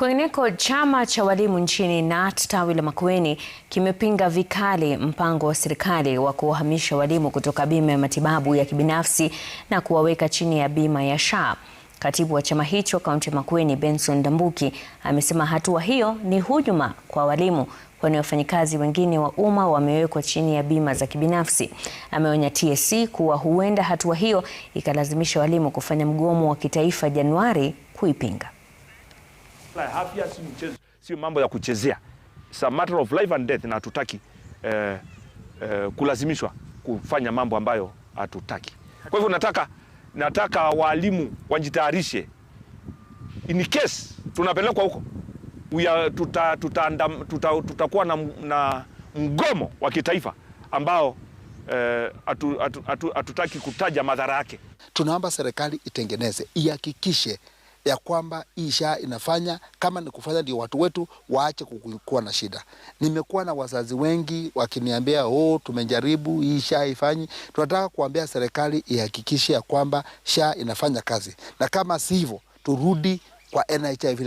Kwingineko, chama cha walimu nchini KNUT tawi la Makueni kimepinga vikali mpango wa serikali wa kuwahamisha walimu kutoka bima ya matibabu ya kibinafsi na kuwaweka chini ya bima ya SHA. Katibu wa chama hicho kaunti ya Makueni, Benson Ndambuki, amesema hatua hiyo ni hujuma kwa walimu, kwani wafanyikazi wengine wa umma wamewekwa chini ya bima za kibinafsi. Ameonya TSC kuwa huenda hatua hiyo ikalazimisha walimu kufanya mgomo wa kitaifa Januari kuipinga si mchezo, sio mambo ya kuchezea. It's a matter of life and death, na hatutaki eh, eh, kulazimishwa kufanya mambo ambayo hatutaki. Kwa hivyo nataka, nataka waalimu wajitayarishe in case tunapelekwa huko, tutakuwa tuta, tuta, tuta na, na mgomo wa kitaifa ambao eh, hatutaki eh, atu, atu, atu, kutaja madhara yake. Tunaomba serikali itengeneze, ihakikishe ya kwamba hii shaa inafanya kama ni kufanya ndio watu wetu waache kuwa na shida. Nimekuwa na wazazi wengi wakiniambia oh, tumejaribu hii shaa ifanyi. Tunataka kuambia serikali ihakikishe ya kwamba SHA inafanya kazi, na kama sivyo turudi kwa NHIF.